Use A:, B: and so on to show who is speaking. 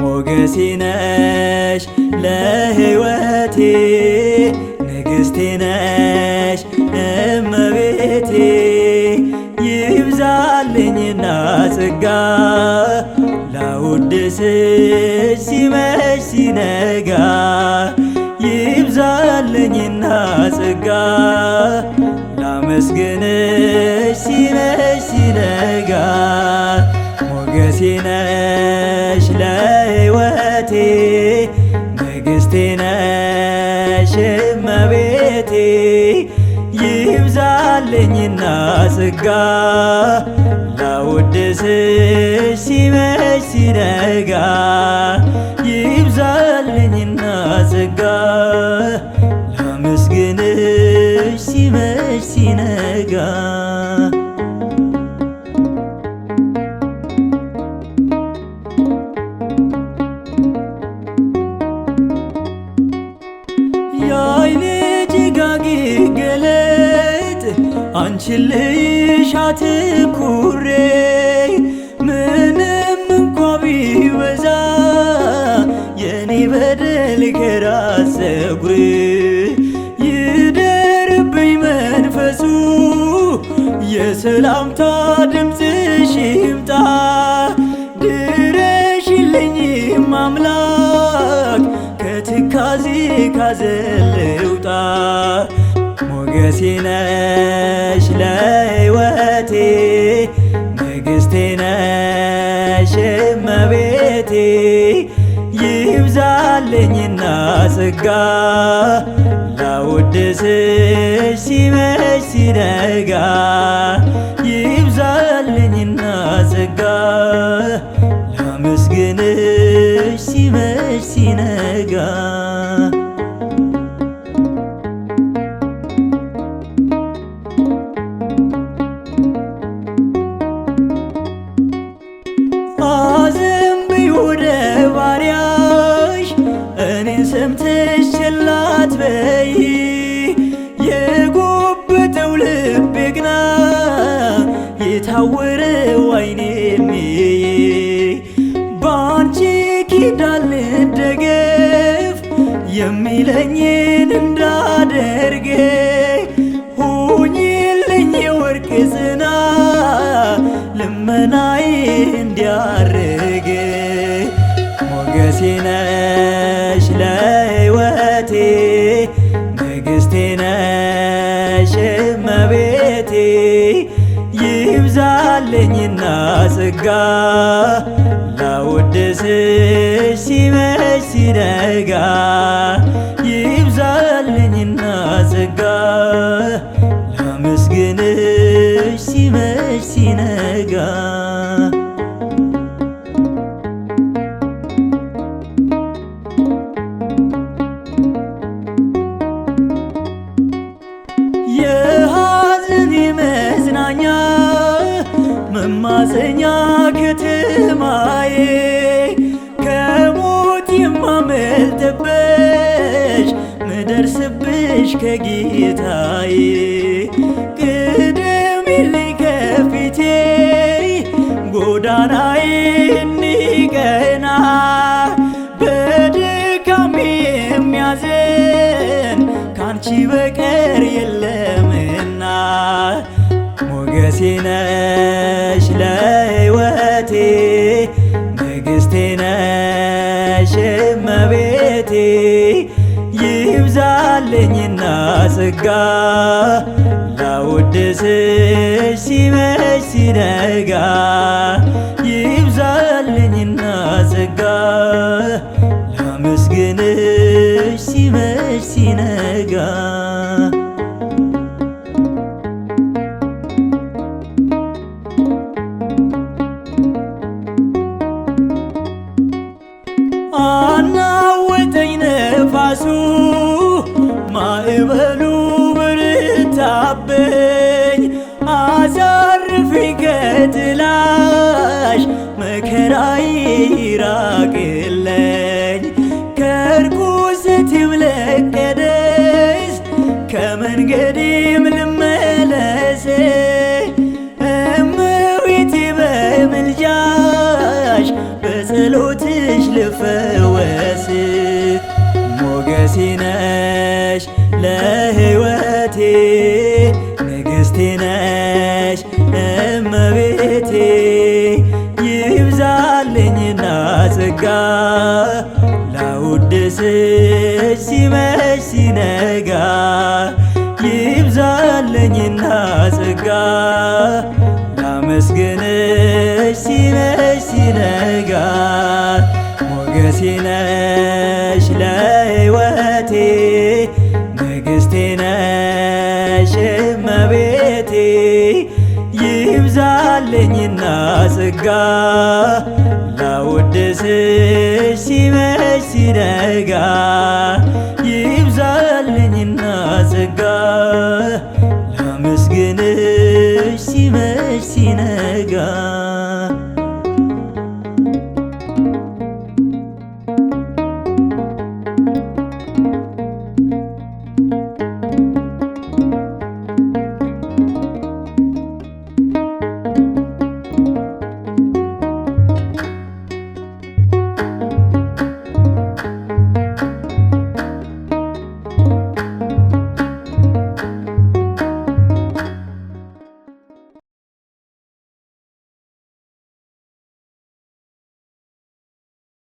A: ሞገሴ ነሽ ለሕይወቴ ንግሥቴ ነሽ እመቤቴ ይብዛልኝና ጸጋ ላውድስሽ ሲመሽ ሲነጋ ይብዛልኝና ጸጋ ላመስግንሽ ሲመሽ ሲነጋ ሞገሴ ነሽ አለኝና ጸጋ ላወድስሽ ሲመሽ ሲነጋ ይብዛልኝና ጸጋ ላመስግንሽ ሲመሽ ሲነጋ
B: የዓይኔ ጭጋግ ገለ አንቺን ልይሽ ኩሬ ምንም እንኳ ቢበዛ የኔ በደል ከራስ ፀጉር ይደርብኝ መንፈሱ የሰላምታ ድምፅሽ ይምጣ ድረሽልኝ አምላክ ከትካዜ ካዘን ሞገሴ ነሽ ለሕይወቴ ንግሥቴ ነሽ እመቤቴ ይብዛልኝና ጸጋ ላወድስሽ ሲመሽ ሲነጋ ይብዛልኝና ጸጋ ላመስግንሽ ሲመሽ ሲነጋ
C: ያሳውረው አይኔም በአንቺ ኪዳን ልደገፍ የሚለኝን እንዳደርግ ሁኝልኝ የወርቅ ዝና ልመናዬ እንዲያርግ ሞገሴ ነሽ ጸጋ ላወደስሽ ሲመሽ ሲረጋ ይብዛልኝና ጸጋ ላመስግንሽ ሲመሽ ሲነጋ
D: ከተማዬ ከሞት የማመልጥበሽ ምደርስብሽ ከጌታዬ ቅደሚልኝ ከፊቴ ጎዳናዬ እንዲቀና በድካሜ የሚያዝን ካንቺ በቀር የለምና ሞገሴ ነሽ ለ ጸጋ ላወድስሽ ሲመሽ ሲነጋ ይብዛልኝና ጸጋ ላመስግንሽ ሲመሽ ሲነጋ
E: በጸሎትሽ ልፈወስ
F: ሞገሴ ነሽ ለሕይወቴ ንግሥቴ ነሽ እመቤቴ ይብዛልኝና ጸጋ ላውድስሽ ሲመሽ ሲነጋ ይብዛልኝና ጸጋ ላመስግን ሞገሴ ነሽ ለሕይወቴ ንግሥቴ ነሽ እመቤቴ ይብዛልኝና ጸጋ ላወድስሽ ሲመሽ ሲነጋ ይብዛልኝና ጸጋ ላመስግንሽ ሲመሽ ሲነጋ